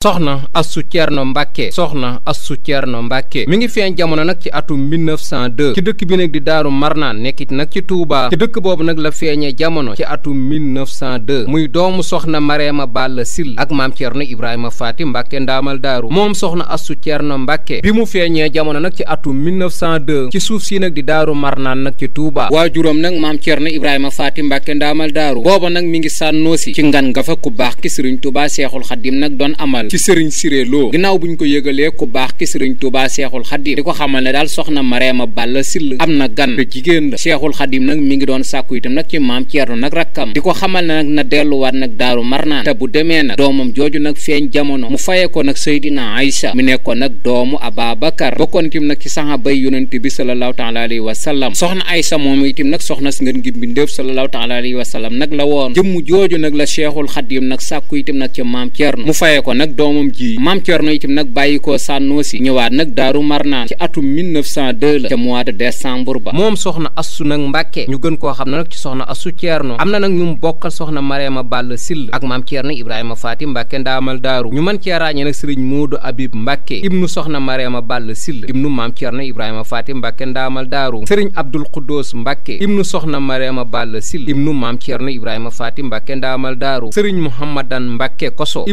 soxna Astou Thierno Mbacke soxna Astou Thierno Mbacke mi ngi feeñ jamono nag ci atum 1902 ci dëkk bi nag di Daaru Marnaan nekkit nag ci Touba ci dëkk boobu nag la feeñee jamono ci atum 1902 muy doomu soxna Mareema Balla Sill ak maam Thierno Ibrahima Faati Mbacke ndaamal daaru moom soxna Astou Thierno Mbacke bi mu feeñee jamono nag ci atum 1902 ci suuf si nag di Daaru Marnaan nag ci Touba waajuram nag maam Thierno Ibrahima Faati Mbacke ndaamal daaru booba nag mi ngi sànno ci ngan nga fa ku baax ki Sëriñ Touba Seexul Xadim nag doon amal ci sëriñ Siré Lo ginnaaw bu ñu ko yëgalee ku baax ki sëriñ Touba Seexul Xadim di ko xamal ne daal soxna Mareema Balla Sill am na gan te jigéen la Seexul Xadim nag mi ngi doon sàkku itam nag ci maam Ceerno nag di ko xamal ne nag na delluwaat nag daaru marnaan bu demee nag doomam jooju nag feeñ jamono mu fayee nag Seydina Aïcha mi nekkoon nag doomu Ababakar bokkoon itam nag ci saxaaba yi yonent bi sallallahu taala alayhi wa sallam soxna Aïcha moom itim nag soxna si ngeen ngi mbindéef sallallahu taala alayhi wa sallam nag la woon jëmm jooju nag la Seexul Xadim nag sàkku itam nag ci maam Ceerno mu fayee ko nag doomam ji maam Cerno itam nag bàyyi ko sànnoosi ñëwaat nag daaru marnaan ci atum 1902 la ca mois de décembre ba moom soxna assu nag mbàkke ñu gën koo xam ne nag ci soxna assu Cerno am na nag ñu bokkal soxna Mariama Ball Sill ak maam Cerno Ibrahima Faati Mbàkke ndaamal daaru ñu mën cee ràññee nag sëriñ Moodu Abib Mbàkke ibnu soxna Mariama Ball Sill ibnu maam Cerno Ibrahima Faati Mbàkke ndaamal daaru sëriñ Abdul Xuddoos Mbàkke ibnu soxna Mariama Ball Sill ibnu maam Cerno Ibrahima Faati Mbàkke ndaamal daaru sëriñ Muhammadan Mbàkke Koso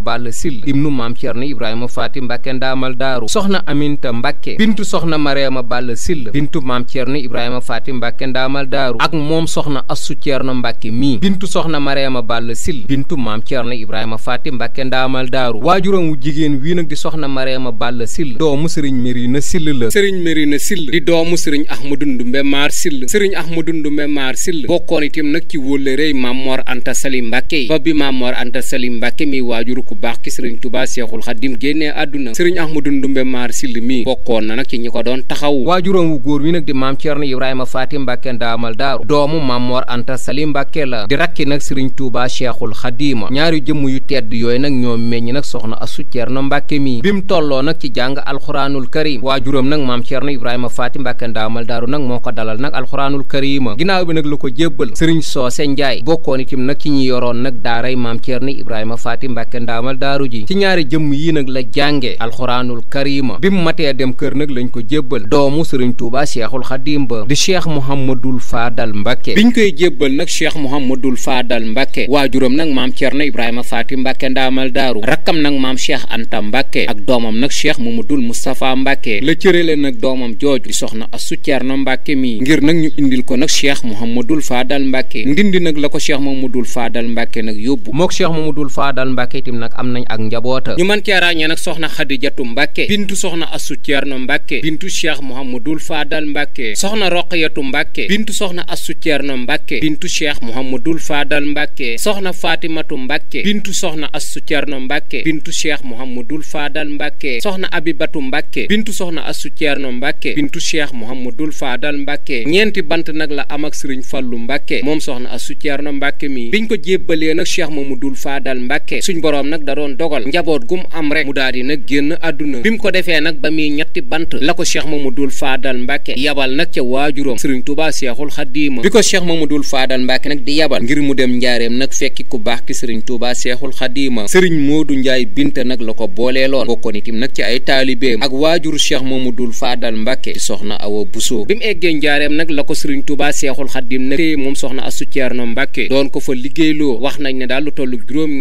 Balla Syll ibnu maam Cerno Ibrahima Faati Mbàkke ndaamal daaru soxna Aminta Mbàkke bintu soxna Mariama Balla Syll bintu maam Cerno Ibrahima Faati Mbàkke ndaamal daaru ak moom soxna Assu Cerno Mbàkke mii bintu soxna Mariama Balla Syll bintu maam Cerno Ibrahima Faati Mbàkke ndaamal daaru waajuram wu jigéen wii nag di soxna Mariama Balla Syll doomu sëriñ Mérina Syll la sëriñ Mérina Syll di doomu sëriñ Ahmadu Ndumbe Maar Syll sëriñ Ahmadu Ndumbe Maar Syll bokkoon itam nag ci wóllërey Maam Mor Anta Sali Mbàkke yi ba bi Maam Mor Anta Sali Mbàkke mi waajuru ku baax ki sëriñ Touba Seexul Xadim génnee àdduna sëriñ Ahmadou Ndumbe Maar Sill mii bokkoon na nag ci ñi ko doon taxaw waajuram wu góor wi nag di maam Thierno Ibrahima Faati Mbàkke ndaamal daaru doomu maam Mor Anta Sali Mbàkke la di rakki nag sëriñ Touba Seexul Xadim ñaari jëmm yu tedd yooyu nag ñoo meññ nag soxna Asu Thierno Mbàkke mi bi mu tolloo nag ci jàng alxuraanul karim waajuram nag maam Thierno Ibrahima Faati Mbàkke ndaamal daaru nag moo ko dalal nag alxuraanul karim ginnaaw bi nag la ko jébbal sëriñ Soose amal daaru ji ci ñaari jëmm yi nag la jànge alxuraanul karima bi mu matee dem kër nag lañ ko jébbal doomu sëriñ Touba Cheikhul Xadim ba di Cheikh Mouhamadul Fadal Mbacke biñ koy jébbal nag Cheikh Mouhamadul Fadal Mbacke waajuram nag maam na Ibrahima Faati Mbacke ndaamal daaru rakkam nag maam Cheikh Anta Mbacke ak doomam nag Cheikh Mamadul Moustapha Mbacke la cërale nag doomam jooju di soxna Astou na Mbacke mii ngir nag ñu indil ko nag Cheikh Mouhamadul Fadal Mbacke ndindi nag la ko Cheikh Mamadul nag am nañ ak njaboota ñu mën cee ràññee nag soxna xadijatu mbàkke bintu soxna asu ceerno mbàkke bintu cheikh mouhamadul faadal mbàkke soxna roqiyatu mbàkke bintu soxna asu ceerno mbàkke bintu cheikh mouhamadul faadal mbàkke soxna fatimatu mbàkke bintu soxna asu ceerno mbàkke bintu cheikh mouhamadul faadal mbàkke soxna abibatu mbàkke bintu soxna asu ceerno mbàkke bintu cheikh mouhamadul faadal mbàkke ñeenti bant nag la am ak sëriñ fallu mbàkke moom soxna asu ceerno mbàkke mi biñ ko jébbalee nag cheikh mouhamadul faadal mbàkke suñ boroom nag nag da doon dogal njaboot gum am rek mu daal di nag génn àdduna bi mu ko defee nag ba muy ñetti bant la ko cheikh mamadul faadal mbàkke yabal nag ca waajuram sëriñ tubaa seexul xaddiima bi ko cheikh mamadul faadal mbàkke nag di yabal ngir mu dem njaareem nag fekki ku baax ki sëriñ tubaa seexul xaddiima moo du njaay binta nag la ko booleeloon bokkoon itim nag ci ay taalibeem ak waajuru cheikh mamadul faadal mbàkke di soxna awa busoo bi mu eggee njaareem nag la ko sëriñ tubaa seexul xaddiim nag téye moom soxna astu no mbàkke doon ko fa liggéeyloo wax nañ ne daal lu tollu juróom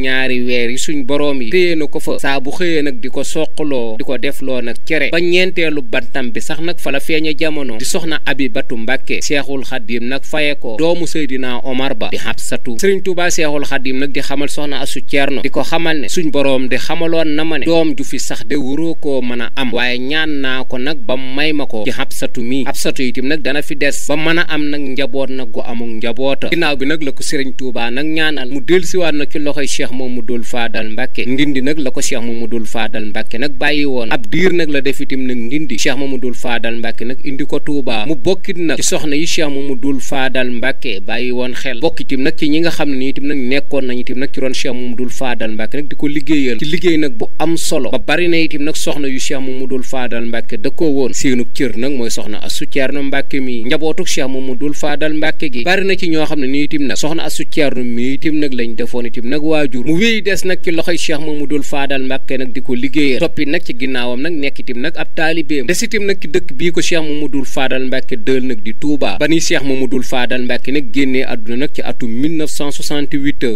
suñ boroom yi téye na ko fa saa bu xëyee nag di ko soqaloo di ko defloo nag cere ba ñeenteelu bantam bi sax nag fa la feeña jamono di soxna Abibatu Mbàkke Seexul Xadim nag faye ko doomu Seydina Omar ba di Xabsatu Sëriñ Tuubaa Seexul Xadim nag di xamal soxna Asu Ceerno di ko xamal ne suñ boroom di xamaloon na ma ne doom ju fi sax de wuroo ko mën a am waaye ñaan naa ko nag ba may ma ko ci Xabsatu mii Xabsatu itam nag dana fi des ba mën a am nag njaboot nag gu amul njaboota ginnaaw bi nag la ko Sëriñ Tuubaa nag ñaanal mu dellusiwaat na ci loxoy Cheikh Mamadou Fadal Faadal Mbàkke ndindi nag la ko Cheikh Mamadul Faadal Mbàkke nag bàyyi woon ab diir nag la def itam nag ndindi Cheikh Mamadul Faadal Mbàkke nag indi ko Touba mu bokkit nag ci soxna yi Cheikh Mamadul Faadal Mbàkke bàyyi woon xel bokkitim nag ci ñi nga xam ne ni itam nag nekkoon nañu itam nag ci roon Cheikh Mamadul Faadal Mbàkke nag di ko liggéeyal ci liggéey nag bu am solo ba bari na itam nag soxna yu mu dul Faadal Mbàkke da ko woon seenub cër nag mooy soxna Astu Ceerno Mbàkke mi njabootuk Cheikh Mamadul Faadal Mbàkke gi bari na ci ñoo xam ne ni itam nag soxna Astu Ceerno mi itam nag lañ defoon itam nag mu wéy des loxoy cheikh mamadul faadal mbàkke nag di ko liggéeyal toppi nag ci ginnaawam nag nekk itam nag ab taalibeem des itam nag ci dëkk bii ko cheikh mamadul faadal mbàkke dël nag di Touba ba ni cheikh mamadul faadal mbàkke nag génnee àdduna nag ci atum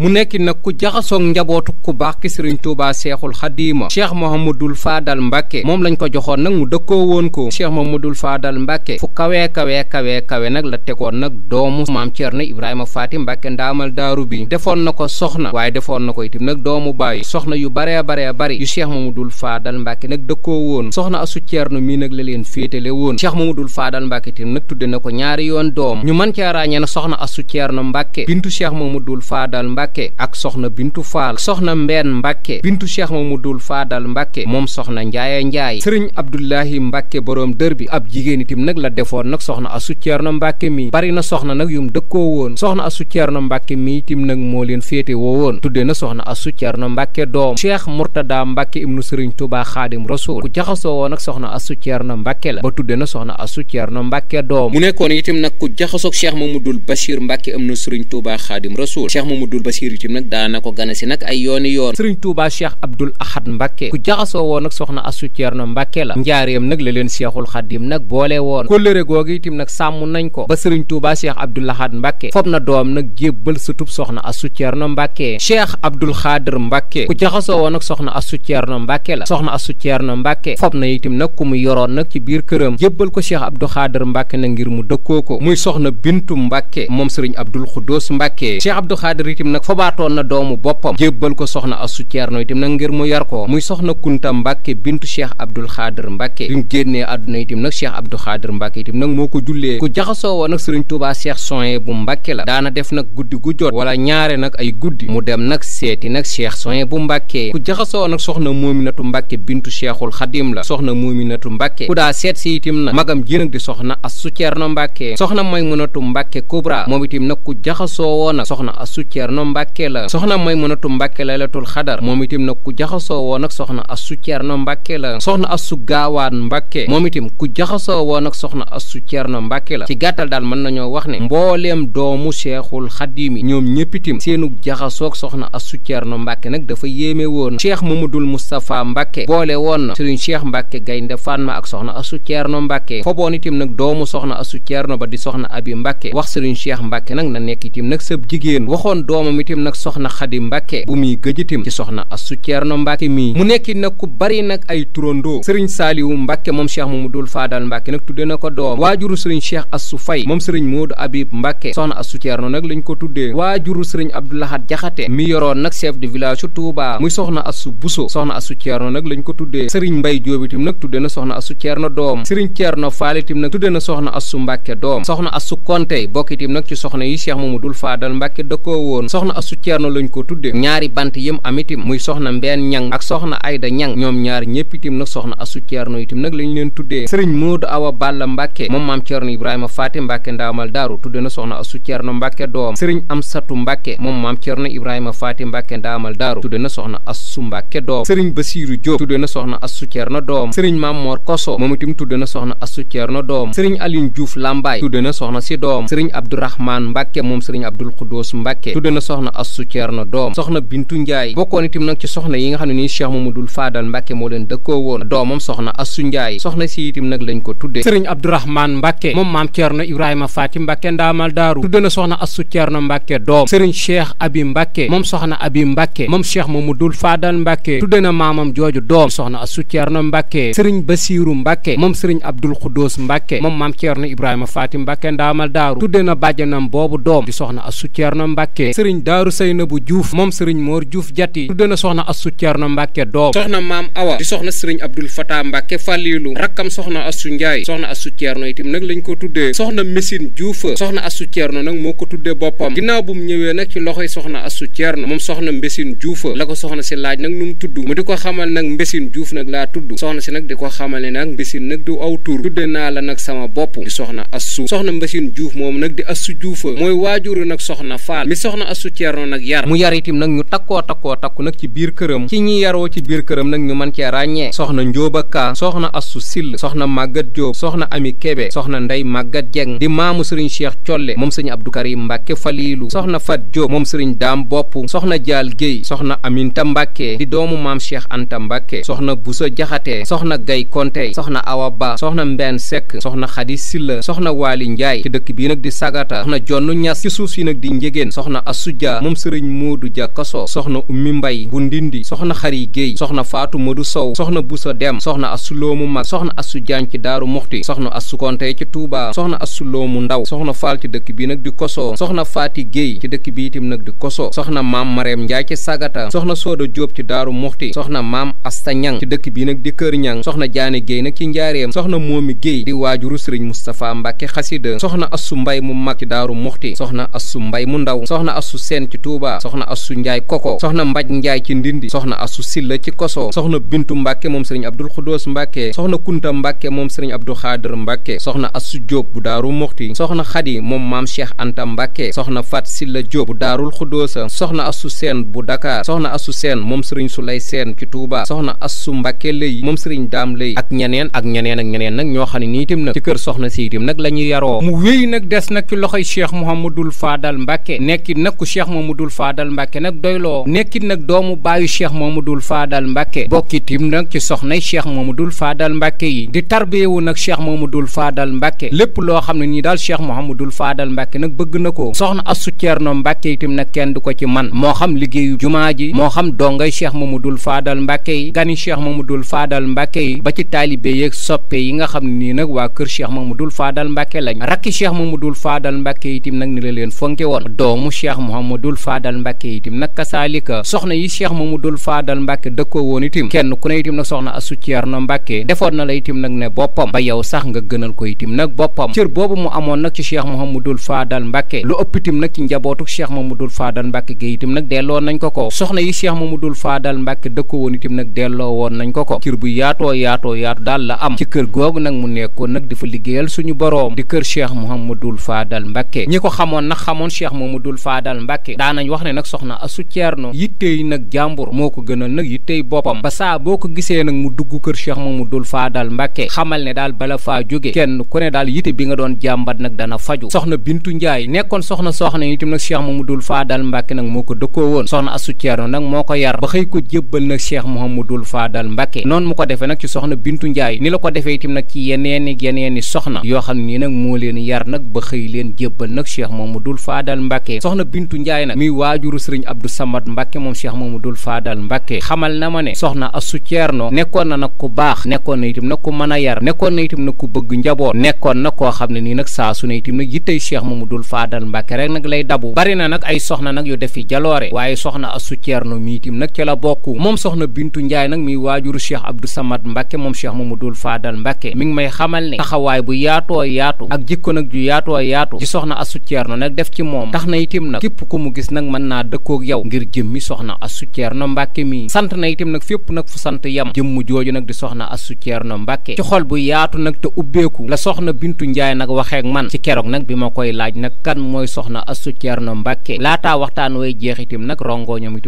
mu nekk nag ku jaxasoog njabootu ku baax ki sëriñ Touba seexul xadiima cheikh mahamadul faadal mbakke moom lañ ko joxoon nag mu dëkkoo woon ko cheikh mamadul faadal mbàkke fu kawee kawee kawee kawe nag la tegoon nag doomu maam Cerno Ibrahima Faati Mbàkke ndaamal daaru bi yooyu soxna yu baree baree bari yu cheikh mamadul faadal mbàkke nag dëkkoo woon soxna asu ceerno mii nag la leen féetale woon cheikh mamadul faadal mbàkke tim nag tudde na ko ñaari yoon doom ñu mën cee na soxna asu ceerno mbàkke bintu cheikh mamadul faadal mbàkke ak soxna bintu faal soxna mbenn mbàkke bintu cheikh mamadul faadal mbàkke moom soxna njaaye njaay sëriñ bi ab jigéen itim nag la defoon nag soxna asu na soxna nag yum dëkkoo woon soxna asu ceerno mbàkke mi itim nag moo leen féete woo woon tudde na soxna asu ceerno mbàkke Mbacke doom Cheikh Mourtada Mbacke ibnu Serigne Touba Xaadim Rasul ku jaxasoo woon ak soxna Astou Thierno Mbacke la ba tudde na soxna Astou Thierno Mbacke doom mu nekkoon itam nag ku jaxasoog Cheikh Mamadou Bachir Mbacke ibnu Serigne Touba Xaadim Rasul Cheikh Mamadou Bachir itam nag daana ko gane si nag ay yooni yoon Serigne Touba Cheikh Abdoul Ahad Mbacke ku jaxasoo woon ak soxna Astou Thierno Mbacke la njaareem nag la leen Cheikhul Xaadim nag boole woon kóllëre googu itam nag sàmm nañ ko ba Serigne Touba Cheikh Abdoul Ahad Mbacke fob na doom nag jébbal sutub soxna Astou Thierno Mbacke Cheikh Abdoul Xaadir Mbacke Mbàkke ku jaxasoo woon ak soxna Astu Ceerno Mbàkke la soxna Astu Ceerno Mbàkke fob na itam nag ku mu yoroon nag ci biir këram jébbal ko Cheikh Abdou Xaadir Mbàkke na ngir mu dëkkoo ko muy soxna Bintu Mbàkke moom sëriñ Abdul Xuddoos Mbàkke Cheikh Abdou Xaadir itam nag fobaatoon na doomu boppam jébbal ko soxna Astu Ceerno itam nag ngir mu yar ko muy soxna Kunta Mbàkke bintu Cheikh Abdul Xaadir Mbàkke bi mu génnee àdduna itam nag Cheikh Abdou Xaadir Mbàkke itam nag moo ko jullee ku jaxasoo nag sëriñ Tuubaa Cheikh Sohaybu Mbàkke la daana def nag guddi gu wala ñaare nag ay guddi mu dem nag seeti nag Cheikh mais bu mbàkkee ku jaxasoo nag soxna muuminatu mbàkke bintu cheikhul xadim la soxna muuminatu mbàkke ku daa seet si itim nag magam ji nag di soxna asu ceerno mbàkke soxna maymunatu mbàkke kubra moom itim nag ku jaxasoo woon nag soxna asu ceerno mbàkke la soxna maymunatu mbàkke laylatul xadar moom itim nag ku jaxasoo woon nag soxna asu ceerno mbàkke la soxna asu gaawaan mbàkke moom itim ku jaxasoo woon nag soxna asu ceerno mbàkke la ci gàttal daal mën nañoo wax ne mbooleem doomu cheikhul xadim yi ñoom ñëpp itim seenu jaxasoog soxna asu ceerno mbàkke nag dafa yéeme woon cheikh mamadul moustapha mbàkke boole woon na sëriñ cheikh mbàkke gaynde Fatma ak soxna asu ceerno mbàkke foboon itam nag doomu soxna asu ceerno ba di soxna abi mbàkke wax sëriñ cheikh mbàkke nag na nekk itam nag sëb jigéen waxoon doomam itam nag soxna xadi mbàkke bu muy gëj itam ci soxna asu ceerno mbàkke mii mu nekki nag ku bari nag ay turandoo sëriñ saaliwu mbàkke moom cheikh mamadul faadal mbàkke nag tudde na ko doom waajuru sëriñ cheikh asu fay moom sëriñ moodu abib mbàkke soxna asu ko tuddee jaxate mi yoroon nag chef de village surtout Touba muy soxna Assu Buso soxna Assu Ceerno nag lañ ko tuddee Serigne Mbay Jóob itam nag tudde na soxna Assu Ceerno doom na doom soxna Assu Konte yi Cheikh Mamadul Faadal Mbàkke dëkkoo woon ko tudde ñaari bant yëm am itam muy soxna Mbeen Ñang ak soxna Ayda Ñang ñoom ñaar ñëpp itam nag soxna Assu Ceerno itam nag lañ leen tuddee Serigne Moodu Awa Balla Mbàkke moom maam Ceerno Ibrahima Faati Mbàkke ndaamal daaru tudde na soxna Assu Ceerno Mbàkke doom Serigne Amsatu Mbàkke moom maam Ceerno Ibrahima Faati Mbàkke ndaamal daaru tudde na soxna Assu Mbàkke doom sëriñ Basiiru Jóob tudde na soxna Assu Cerno doom sëriñ Mamor Koso moom itam tudde na soxna Assu Cerno doom sëriñ Alioune Diouf Lambaay tudde na soxna si doom Mbàkke moom sëriñ Cerno doom soxna ci Mbàkke moo leen tudde na soxna Assu Cerno Mbàkke doom sëriñ Cheikh Abi Mbàkke moom soxna Abi Mbàkke cheikh mamadul faadal mbàkke tudde na maamam jooju doom soxna astu ceerno mbàkke sëriñ basiiru mbàkke moom sëriñ abdul xudóos mbàkke moom maam ceerno ibrahima faati mbàkke ndaamal daaru tudde na bàjjanam boobu doom di soxna astu ceerno mbàkke sëriñ daaru saynabu juuf moom sëriñ moor juuf jatti tudde na soxna astu ceerno mbàkke doom soxna maam awa di soxna sëriñ abdul fata mbàkke fàlliilu rakkam soxna astu njaay soxna astu ceerno itam nag lañ ko tuddee soxna mesin juufa soxna astu ceerno nag moo ko tuddee boppam ginnaaw bu mu ñëwee nag ci loxoy soxna astu ceerno moom soxna mesin juuf fa la ko soxna si laaj nag nu mu tudd mu di ko xamal nag Mbesine Diouf nag laa tudd soxna si nag di ko xamal ne nag Mbesine nag du aw tur tudde naa la nag sama bopp di soxna Assu soxna Mbesine Diouf moom nag di Assu Diouf mooy waajuru nag soxna Faal mi soxna Assu Ceerno nag yar mu yar itam nag ñu takkoo takkoo takku nag ci biir këram ci ñi yaroo ci biir këram nag ñu mën cee ràññee soxna Njóoba Ka soxna Assu Sill soxna Maguette Diop soxna Ami Kebe soxna Ndey màggat Dieng di maamu sëriñ Cheikh Colle moom sëriñ Abdou Karim Mbàkke Faliilu soxna Fat Diop moom sëriñ Daam Bopp soxna Jaal soxna Aminta Mbàkke di doomu maam Cheikh Anta Mbàkke soxna Busa Jaxate soxna Gay Kontey soxna Awa Ba soxna Mbenn Sekk soxna Xadi Silla soxna Waali Njaay ci dëkk bii nag di Sagata soxna Jonn Ñas ci suuf si nag di Njégéen soxna Asuja moom sëriñ Moodu Ja Kaso soxna Ummi Mbay bu Ndindi soxna Xari Géey soxna Faatu Modu Sow soxna Busa Dem soxna Asuloomu Mag soxna Asu Jaañ ci Daaru Muxti soxna Asu Kontey ci Tuubaa soxna Asuloomu Ndaw soxna Faal ci dëkk bii nag di Koso soxna Faati Géey ci dëkk bi itam nag di Koso soxna Maam Mareem Njaay ci Sagata Diarra soxna Sooda Jóob ci Daaru Muxti soxna Maam Asta Ñang ci dëkk bi nag di Kër Ñang soxna Jaane Géey nag ci Njaareem soxna Moomi Géey di waajuru Sëriñ Moustapha Mbàkke Xasida soxna Assu Mbay mu mag ci Daaru Muxti soxna Assu Mbay mu ndaw soxna Assu Seen ci Tuubaa soxna Assu Njaay Koko soxna Mbaj Njaay ci Ndindi soxna Assu Silla ci Koso soxna Bintu Mbàkke moom Sëriñ Abdul Xudoos Mbàkke soxna Kunta Mbàkke moom Sëriñ Abdu Xaadir Mbàkke soxna Assu Jóob bu Daaru Muxti soxna Xadi moom Maam Cheikh Anta Mbàkke soxna Fat Silla Jóob bu Daarul Xudoosa soxna Assu Seen bu Dakar soxna assu seen moom sëriñ su lay seen ci Touba soxna assu Mbàkke lay moom sëriñ daam lay ak ñeneen ak ñeneen ak ñeneen nag ñoo xam ne nii itam nag ci kër soxna si itam nag la ñu yaroo mu wéy nag des nag ci loxoy cheikh Mouhamadul Fadal Mbàkke nekkit nag ku cheikh Mouhamadul Fadal Mbàkke nag doyloo nekkit nag doomu baayu cheikh Mouhamadul Fadal Mbàkke bokkitim nag ci soxnay cheikh Mouhamadul Fadal Mbàkke yi di tarbiyewu nag cheikh Mouhamadul Fadal Mbàkke lépp loo xam ne nii daal cheikh Mouhamadul Fadal Mbàkke nag bëgg na ko soxna ji moo xam dongay cheikh mamadul faadal mbàkke yi gani cheikh mamadul faadal mbàkke yi ba ci taalibe yeeg soppe yi nga xam ne nii nag waa kër cheikh mamadul faadal mbàkke lañ rakki cheikh mamadul faadal mbàkke itim nag ni la leen fonke woon doomu cheikh mouhamadul faadal mbàkke itim nag kasaalika soxna yi ma cheikh mamadul faadal mbàkke dëkkoo woon itim kenn ku ne itim nag soxna asu na mbàkke defoon na la itim nag ne boppam ba yow sax nga gënal ko itim nag boppam cër boobu mu amoon nag ci cheikh mouhamadul faadal mbàkke lu ëpp itim nag ci njabootu cheikh mamadul faadal mbàkke gi soxna yi Cheikh Mamadou Fadal Mbacke dëkkoo woon itam nag delloo woon nañ ko ko kër bu yaatoo yaatoo yaatu daal la am ci kër googu nag mu nekkoon nag dafa liggéeyal suñu boroom di kër Cheikh Mouhamadoul Fadal Mbacke ñi ko xamoon nag xamoon Cheikh Mamadou Fadal Mbacke daanañ wax ne nag soxna Asu Ceerno yittey nag jàmbur moo ko gënal nag yittey boppam ba saa boo ko gisee nag mu dugg kër mu dul Mamadou Fadal Mbacke xamal ne daal bala faa jóge kenn ku ne daal yitte bi nga doon jàmbat nag dana faju soxna Bintu Njaay nekkoon Cerno nag moo ko yar ba xëy ko jébbal nag Cheikh Mouhamadul Fadal Mbacke noonu mu ko defee nag ci soxna Bintu Njaay ni la ko defee itam nag ci yeneen i yeneen i soxna yoo xam ne nii nag moo leen yar nag ba xëy leen jébbal nag Cheikh Mouhamadul Fadal Mbacke soxna Bintu Njaay nag muy waajuru sëriñ Abdou Samad Mbacke moom Cheikh Mouhamadul Fadal Mbacke xamal na ma ne soxna Astou Cerno nekkoon na nag ku baax nekkoon na itam nag ku mën a yar nekkoon na itam nag ku bëgg njaboot nekkoon na koo xam ne nii nag saa su ne itam nag yittey Cheikh Mouhamadul Fadal Mbacke rek nag lay dabu bari na nag ay soxna nag yu defi jaloore waaye soxna Astou Thierno mii tim nag ca la bokk moom soxna Bintu Njaay nag mi waajuru Cheikh Abdou Samad Mbacke moom Cheikh Mamadou Fadal Mbacke mi ngi may xamal ne taxawaay bu yaatoo yaatu ak jikko nag ju yaatoo yaatu ci soxna Astou Thierno nag def ci moom tax na itim nag képp ku mu gis nag mën naa dëkkoog yow ngir jëmmi soxna Astou Thierno Mbacke mii sant na itim nag fépp nag fu sant yam jëmm jooju nag di soxna Astou Thierno Mbacke ci xol bu yaatu nag te ubbeeku la soxna Bintu Njaay nag waxeek man ci keroog nag bi ma koy laaj nag kan mooy soxna Astou Thierno Mbacke laataa waxtaan way jeex itim nag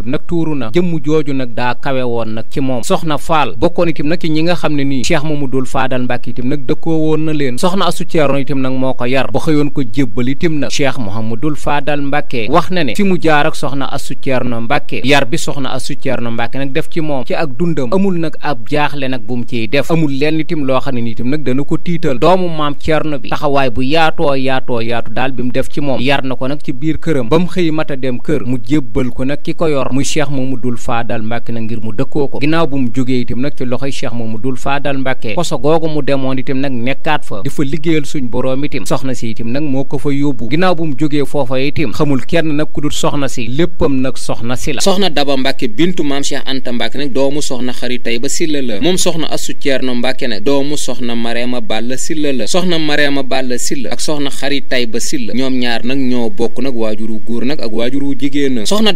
nag tuuru na jëmm jooju nag daa kawe woon nag ci moom soxna faal bokkoon itam nag ci ñi nga xam ne nii cheikh ma faadal mbàkke itam nag dëkkoo woon na leen soxna asu ceerno itam nag moo ko yar ba xëyoon ko jébbal itam nag cheikh mouhamadul faadal mbàkke wax na ne fi mu jaar ak soxna asu ceerno mbàkke yar bi soxna asu ceerno mbàkke nag def ci moom ci ak dundam amul nag ab jaaxle nag bu mu ciy def amul lenn loo xam ne nii nag dana ko tiital doomu maam ceerno bi taxawaay bu yaatoo yaatoo yaatu daal bi mu def ci moom yar na ko nag ci biir këram ba mu xëy mata dem kër mu jébbal ko nag ki ko yor muy cheikh Mamadul Faadal Mbàkke nag ngir mu dëkkoo ko ginnaaw bu mu jógee itam nag ci loxoy cheikh Mamadul Faadal Mbàkke koso googu mu demoon itam nag nekkaat fa di fa liggéeyal suñ boroom itam soxna si itam nag moo ko fa yóbbu ginnaaw bu mu jógee foofa itam xamul kenn nag ku dul soxna si léppam nag soxna si la soxna Daba Mbàkke bintu maam cheikh Anta Mbàkke nag doomu soxna xari tey ba silla la moom soxna Asu Ceerno Mbàkke nag doomu soxna Mareema Bàlla silla la soxna Mareema Bàlla silla ak soxna xari tey ba silla ñoom ñaar nag ñoo bokk nag waajuru góor nag ak waajuru jigéen soxna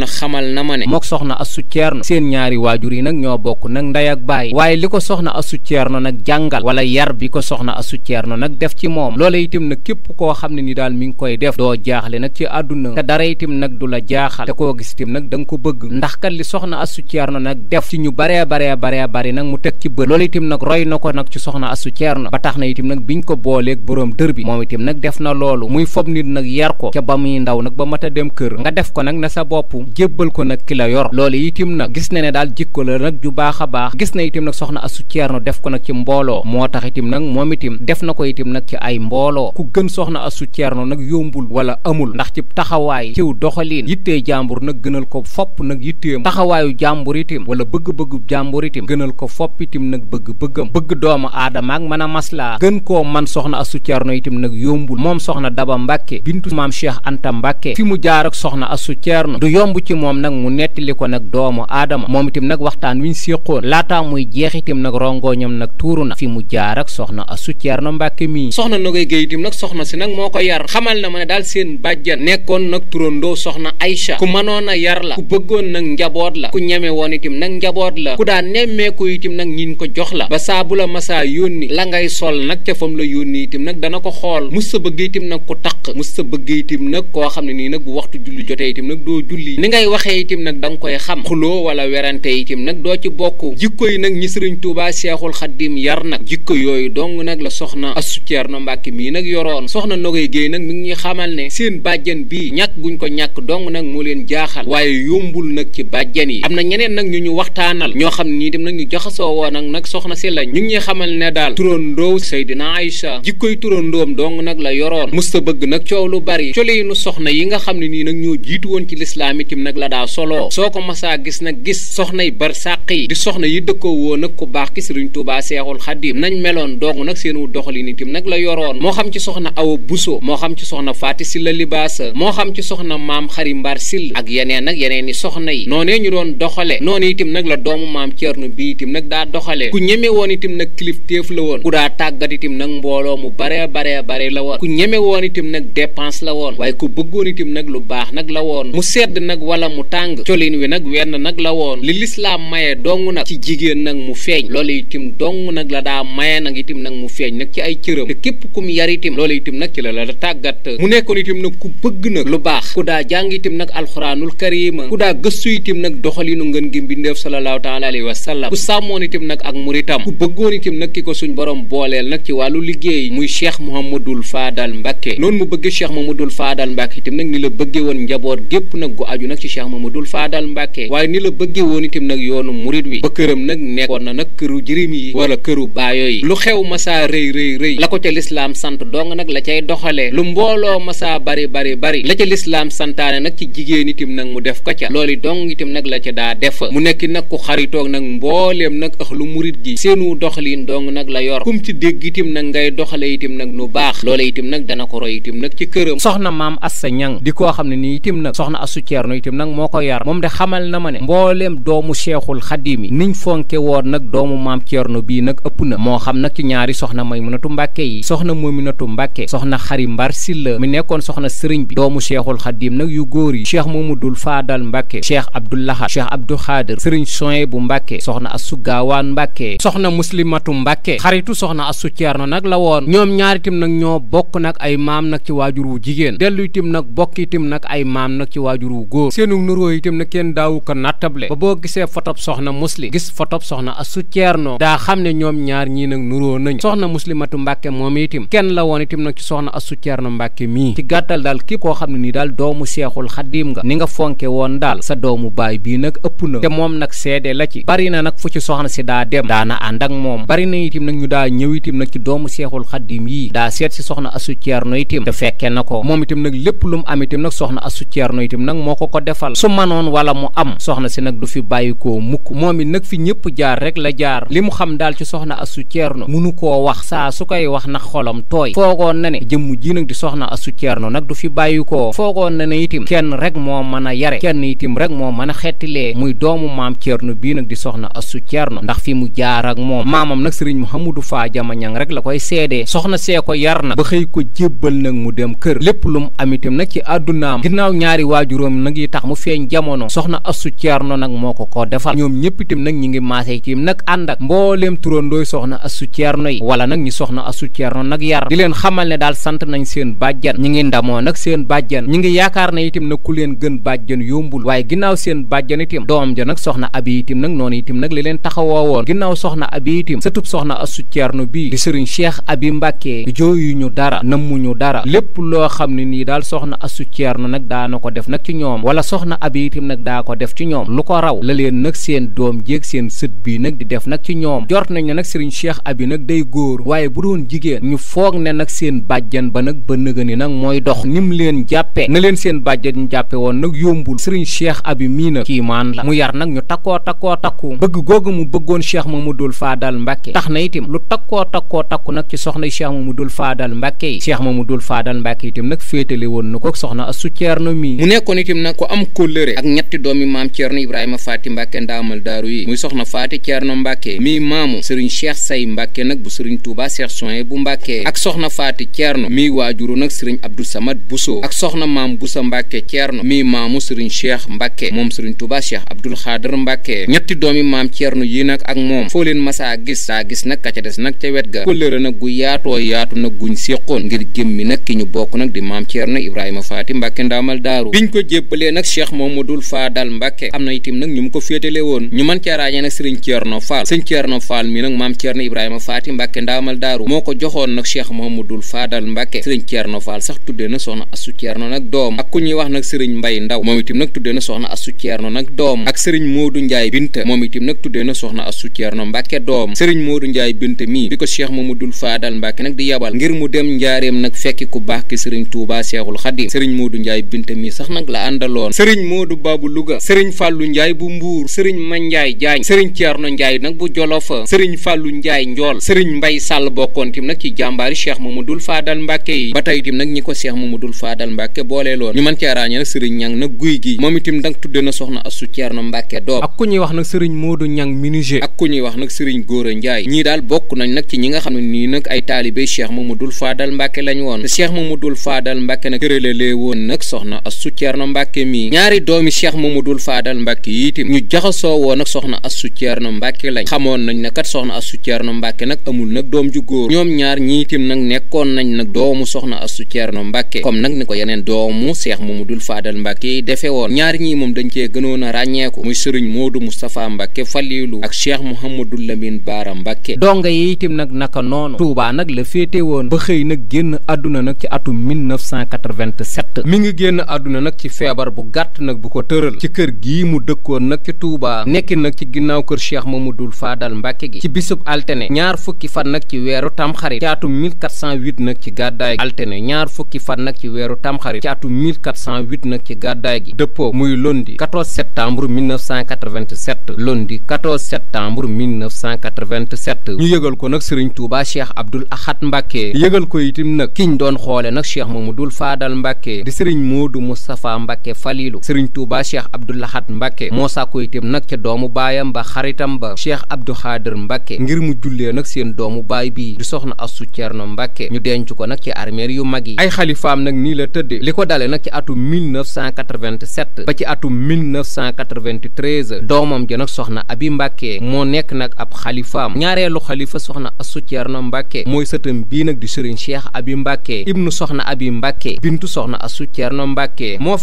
Maymuna xamal na ma ne mook soxna Astu Ceerno seen ñaari waajur yi nag ñoo bokk nag ndey ak baay waaye li ko soxna Astu Ceerno nag jàngal wala yar bi ko soxna Astu Ceerno nag def ci moom loola koo xam ne ni daal mi ngi koy def doo jaaxle nag ci àdduna te dara itam nag du la jaaxal te koo gis itam nag da nga ko bëgg ndax kat li soxna Astu Ceerno nag def ci ñu baree baree baree bari nag mu teg ci bët loola itam nag roy na ko nag ci soxna Astu Ceerno ba tax na itam nag biñ ko booleeg boroom dër bi moom itam nag def na loolu muy fob nit nag yar ko ca ba muy ndaw nag ba mat a dem kër nga def ko nag na sa bopp jébbal ko nag ki la yor loolu itim nag gis na ne daal jikko la nag ju baax a baax gis na itim nag soxna Astu Ceerno def ko nag ci mbooloo moo tax itim nag moom itim def na ko itim nag ci ay mbooloo ku gën soxna Astu Ceerno nag yombul wala amul ndax ci taxawaay ciw doxaliin yittee jàmbur nag gënal ko fopp nag yitteem taxawaayu jàmbur itim wala bëgg-bëggu jàmbur itim gënal ko fopp itim nag bëgg-bëggam bëgg doomu aadama ak mën a maslaa gën koo man soxna Astu Ceerno itim nag yombul moom soxna Daba Mbàkke bintu maam Cheikh fi mu jaar soxna Astu Ceerno du dugg ci moom nag mu nettali ko nag doomu aadama moom itam nag waxtaan wiñ séqoon laataa muy jeex itam nag rongooñam nag tuuru na fi mu jaar ak soxna Astu Ceerno Mbàkke mii soxna Nogay Géey itam nag soxna si nag moo ko yar xamal na ma ne daal seen bàjjan nekkoon nag turandoo soxna Aysa ku mënoon a yar la ku bëggoon nag njaboot la ku ñeme woon itam nag njaboot la ku daa nemmeeku itam nag ñin ko jox la ba saa bu la masaa yónni la ngay sol nag ca fam la yónni itam nag dana ko xool mus sa bëgg itam nag ku taq mus sa bëgg koo xam ne nii nag bu ngay waxee itim nag da nga koy xam xuloo wala werante itim nag doo ci bokk jikko yi nag ñi sëriñ Tuubaa Seexul Xaddim yar nag jikko yooyu dong nag la soxna Astu Ceerno Mbàkke mii nag yoroon soxna Nogay Géey nag mi ngi ñuy xamal ne seen bàjjan bi ñàkk guñ ko ñàkk dong nag moo leen jaaxal waaye yombul nag ci bàjjan yi am na ñeneen nag ñu ñu waxtaanal ñoo xam ni dem nag ñu jaxasoo woon ak nag soxna si lañ ñu ngi ñuy xamal ne daal turandoow Seydina Aïcha jikkoy turandoom dong nag la yoroon musta bëgg nag coow lu bari cole yi nu soxna yi xam ne nii nag ñoo ci lislaam kim nag la daa soloo soo ko masaa gis nag gis soxna yi bar sàq yi di soxna yi dëkkoo woon nag ku baax ki sëriñ Tuubaa Seexul Xadiim nañ meloon dong nag seenu doxalin itam nag la yoroon moo xam ci soxna Awa Buso moo xam ci soxna Faati Silla Libaasa moo xam ci soxna maam Xari Mbar Sill ak yeneen nag yeneen i soxna yi noonee ñu doon doxale noonu itam nag la doomu maam Ceerno bi itam nag daa doxale ku ñeme woon itam nag kilifteef la woon ku daa tàggat itam nag mbooloo mu bare bare bare la woon ku ñeme woon itam nag dépense la woon waaye ku bëggoon itam nag lu baax nag la woon nag mu tàng colin wi nag wenn nag la woon li lislaam maye dong nag ci jigéen nag mu feeñ loolu tiim dong nag la daa maye nag itim nag mu feeñ nag ci ay cëram te képp kum yar itim loolu itim nag ci la la tàggat mu nekkoon itim nag ku bëgg nag lu baax ku daa jàng itim nag alxuraanul karima ku daa gëstu itim nag doxalinu ngën gi mbindeef sallallahu taala alayhi wa sallam ku sàmmoon itim nag ak muritam ku bëggoon itim nag ki ko suñ borom booleel nag ci wàllu liggéey muy cheikh Mouhamadul Fadal Mbacke noonu mu bëgg cheikh Mouhamadul Fadal Mbacke itim nag ni la bëggee woon njaboot gépp nag nag ci Cheikh Mamadou Fadal Mbacke waaye ni la bëggee woon itam nag yoonu murit wi ba këram nag nekkoon na nag këru jirim yi wala këru baayo yi lu xew masaa rëy rëy la ko ca lislaam sant dong nag la cay doxalee lu mbooloo masaa bari bari bari la ca lislaam santaane nag ci jigéen itam nag mu def ko ca loolu dong itam nag la ca daa def mu nekk nag ku xaritoog nag mbooleem nag ax lu murit gi seenu doxalin dong nag la yor kum ci dégg itam nag ngay doxalee itam nag nu baax loola itam nag dana ko roy ci këram soxna maam itam nag moo ko yar moom de xamal na ma ne mbooleem doomu cheikhul xadim yi niñ fonke woon nag doomu maam Thierno bii nag ëpp na moo xam nag ci ñaari soxna Maymunatu Mbàkke yi soxna Muminatu Mbàkke soxna Xari Mbar Silla mi nekkoon soxna sëriñ bi doomu cheikhul xadim nag yu góor yi cheikh Mamadul Faadal Mbàkke cheikh Abdoulahat cheikh Abdou Xaadir sëriñ Soye bu Mbàkke soxna Assu Gaawaan Mbàkke soxna Muslimatu Mbàkke xaritu soxna Assu Thierno nag la woon ñoom ñaar itam nag ñoo bokk nag ay maam nag ci waajur wu jigéen bokk itam nag ay maam nag ci waajur nuróo seenu nuróo itam na kenn daawu ko nattable ba boo gisee fotob soxna musli gis fotob soxna asu ceerno daa xam ne ñoom ñaar ñii nag nuróo nañ soxna muslimatu mbàkke moom itam kenn la woon itam nag ci soxna asu ceerno mbàkke mii ci gàttal daal képp koo xam ne nii daal doomu seexul xaddiim nga ni nga fonke woon daal sa doomu baay bii nag ëpp na te moom nag seede la ci bari na nag fu ci soxna si daa dem daana ànd ak moom bari na itam nag ñu daa ñëw itam nag ci doomu seexul xaddiim yii daa seet si soxna asu ceerno itam te fekke na ko moom itam nag lépp lu mu am itam nag soxna asu ceerno itam nag moo ko ko ko defal su manoon wala mu am soxna si nag du fi bàyyikoo mukk moom it nag fi ñëpp jaar rek la jaar li mu xam daal ci soxna asu ceerno munu koo wax saa su koy wax nag xolam tooy foogoon na ne jëmm ji nag di soxna asu ceerno nag du fi ko foogoon na ne itim kenn rek moo mën a yare kenn itim rek moo mën a xettilee muy doomu maam ceerno bii nag di soxna asu ceerno ndax fi mu jaar ak moom maamam nag sëriñ Mouhamadou Faa jamañang rek la koy seedee soxna ko yar nag ba xëy ko jébbal nag tax mu feeñ jamono soxna Astou no nag moo ko ko defal ñoom ñëpp itam nag ñi ngi maasee ci nag ànd ak mbooleem turandooy soxna Astou Thierno yi wala nag ñi soxna Astou Thierno nag yar di leen xamal ne daal sant nañ seen bàjjan ñi ngi ndamoo nag seen bàjjan ñi ngi yaakaar na itam nag ku leen gën bàjjan yombul waaye ginnaaw seen bàjjan itam doom ja nag soxna abi itam nag noonu itam nag li leen taxawoo woon ginnaaw soxna abi itam sëtub soxna Astou Thierno bii di sëriñ Cheikh Abi Mbàkke jooyuñu dara nammuñu dara lépp loo xam ne nii daal soxna Astou Thierno nag daana nag ci la soxna abi itam nag daa ko def ci ñoom lu ko raw la leen nag seen doom jéeg seen sët bii nag di def nag ci ñoom jort nañ ne nag sëriñ cheikh abi nag day góor waaye bu doon jigéen ñu foog ne nag seen bàjjan ba nag ba nëga ni nag mooy dox ni mu leen jàppe na leen seen bàjjan jàppe woon nag yombul sëriñ cheikh abi mii nag kiimaan la mu yar nag ñu takkoo takkoo takku bëgg googu mu bëggoon cheikh mamadul faadal mbàkke tax na itam lu takkoo takkoo takku nag ci soxna cheikh mamadul faadal mbàkke faadal mbàkke itam nag féetale woon na ko soxna asu ceerno mii am kóllëre ak ñetti doomi maam Thierno Ibrahima Faty Mbacke ndaamal daaru yi muy soxna Faty Thierno Mbacke mii maamu sëriñ Cheikh Say Mbacke nag bu sëriñ Touba Cheikh Soin bu Mbacke ak soxna faati Faty Thierno mii waajuru nag sëriñ Abdou Samad Bousso ak soxna maam sa Boussa Mbacke Thierno mii maamu sëriñ Cheikh Mbacke moom sëriñ Touba Cheikh Abdoul Khader Mbacke ñetti doomi maam Thierno yi nag ak moom foo leen masaa gis saa gis nag ka ca des nag ca wet ga kóllëre nag gu yaatoo yaatu nag guñ séqoon ngir jëmmi nag ñu bokk nag di maam Thierno Ibrahima Faty Mbacke ndaamal yooyu nag cheikh mamadul faadal mbàkke am na itim nag ñu mu ko féetale woon ñu mën cee ràññee nag sëriñ ceerno faal sëriñ ceerno faal mi nag maam ceerno ibrahima faati mbàkke ndaamal daaru moo ko joxoon nag cheikh mamadul faadal mbàkke sëriñ ceerno faal sax tuddee na soxna assu ceerno nag doom ak ku ñuy wax nag sëriñ mbay ndaw moom itim nag tuddee na soxna assu ceerno nag doom ak sëriñ moodu njaay binta moom itim nag tuddee na soxna assu ceerno mbàkke doom sëriñ moodu njaay binta mii bi ko cheikh dul faadal mbàkke nag di yabal ngir mu dem njaareem nag fekki ku baax ki sëriñ tuubaa seexul xadim sëriñ moodu njaay binta mii sax nag la àndaloo Ndondon sëriñ Modou Ba bu Louga sëriñ Fallou Ndiaye bu Mbour sëriñ Mandiaye Diagne sëriñ Thierno Ndiaye nag bu Jolofa sëriñ Fallou Ndiaye Ndiol sëriñ Mbaye Sall bokkoon tim nag ci jàmbaari Cheikh ma Fadal Mbacke yi ba tey tim nag ñi ko Cheikh Mamadou Fadal Mbacke boolee loon ñu mën cee ràññee nag sëriñ Ñang nag guy gi moom itim nag tudde na soxna Astou Thierno Mbacke doom ak ku ñuy wax nag sëriñ Modou Ñang menuisier ak ku ñuy wax nag sëriñ Góora Ndiaye ñii daal bokk nañ nag ci ñi nga xam ne nii nag ay taalibe Cheikh Mamadou Fadal Mbacke lañ woon Cheikh Mamadou Fadal Mbacke nag tëralee woon nag soxna Astou Thierno Mbacke mii ñaari doomi cheikh mamadul faadal mbàkke yiitim ñu jaxasoo woon ak soxna assu ceerno mbàkke lañ xamoon nañ ne kat soxna assu ceerno mbàkke nag amul nag doom ju góor ñoom ñaar ñiitim nag nekkoon nañ nag doomu soxna assu ceerno mbàkke comme nag ni ko yeneen doomu cheikh mamadul faadal mbàkke yi defe woon ñaar ñii moom dañ cee gënoon a ràññeeku muy sëriñ moodu moustapha mbàkke falilu ak cheikh mouhamadul lamin baara mbàkke donga yi itim nag naka noonu tuubaa nag la féete woon ba xëy nag génn àdduna nag ci atum 1987 mi ngi génn àdduna bu gàtt nag bu ko tëral ci kër gii mu dëkkoon nag ci Touba nekki nag ci ginnaaw kër Cheikh Mamadou Fadal Mbacke gi ci bisub altene ñaar fukki fan nag ci weeru tamxarit ci atum 1408 nag ci gàddaay gi altene ñaar fukki fan nag ci weeru tamxarit ci atum 1408 nag ci gàddaay gi dëppoo muy lundi 14 septembre 1987 lundi 14 septembre 1987 ñu yëgal ko nag Serigne Touba Cheikh Abdoul Ahad Mbacke yëgal ko itim nag kiñ doon xoole nag Cheikh Mamadou Fadal Mbacke di Serigne Modou Moustapha Mbacke falilu sëriñ tuuba cheikh abdoulahat mbàkke hmm. moo sàkku itam nag ca doomu baayam ba xaritam ba cheikh abdou xaadir mbàkke ngir mu jullee nag seen doomu baay bi di soxna assu no mbàkke ñu denc ko nag ci armeel yu mag yi ay xalifaam nag nii la tëdd li ko dale nag ci atum 1987 ba ci atum 1993 doomam ja nag soxna abi mbàkke moo nekk nag ab xalifaam ñaareelu xalifa soxna assu ceerno mbàkke mooy sëtam bii nag di sëriñ cheikh abi mbàkke ibnu soxna abi mbàkke bintu soxna moo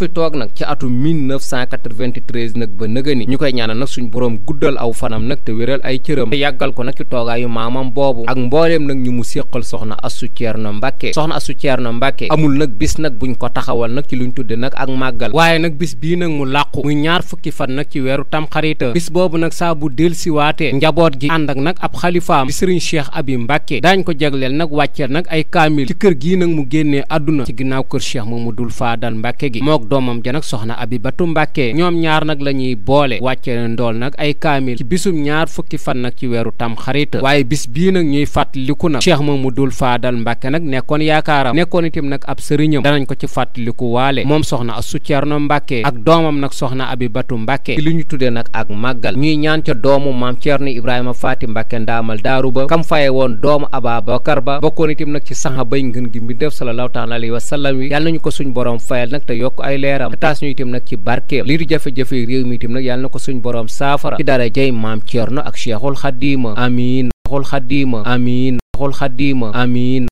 ci atu 1993 nag ba nëga ni ñu koy ñaanal nag suñu boroom guddal aw fanam nag te wéral ay cëram te yàggal ko nag ci toogaayu maamam boobu ak mbooleem nag ñu mu séqal soxna Astou Thierno Mbacke soxna Astou Thierno Mbacke amul nag bis nag buñ ko taxawal nag ci luñ tudde nag ak màggal waaye nag bis bii nag mu làqu muy ñaar fukki fan nag ci weeru tamxarita bis boobu nag saa bu del siwaatee njaboot gi àndak ak nag ab xalifaam di sëriñ Cheikh Abi Mbacke daañ ko jagleel nag wàcceel nag ay kaamil ci kër gii nag mu génnee àdduna ci ginnaaw kër Cheikh Mamadou Fadal Mbacke gi mook doomam ja nag soxna Abibatu Mbàkke ñoom ñaar nag la ñuy boole wàcce ndool nag ay kaamil ci bisum ñaar fukki fan nag ci weeru tam waaye bis bii nag ñuy fàttaliku nag mu dul Faadal Mbàkke nag nekkoon yaakaaram nekkoon itam nag ab sëriñam danañ ko ci fàttaliku waale moom soxna Astu Cerno Mbàkke ak doomam nag soxna Abibatu Mbàkke ci li ñu tuddee nag ak màggal ñuy ñaan ca doomu maam Cerno Ibrahima Faati Mbàkke ndaamal daaru ba kam faye woon doomu Ababakar ba bokkoon itam nag ci saxa bay ngën gi mbindéef sallallahu taala alayhi wa sallam yi yàlla nañu ko maas ñu itam nag ci barkeem lii di jafe-jafe réew mi itam nag yàlla na ko suñ boroom saafara ci dara jay maam Ceerno ak Cheikhul Xadima amiin Cheikhul Xadima amiin Cheikhul Xadima amiin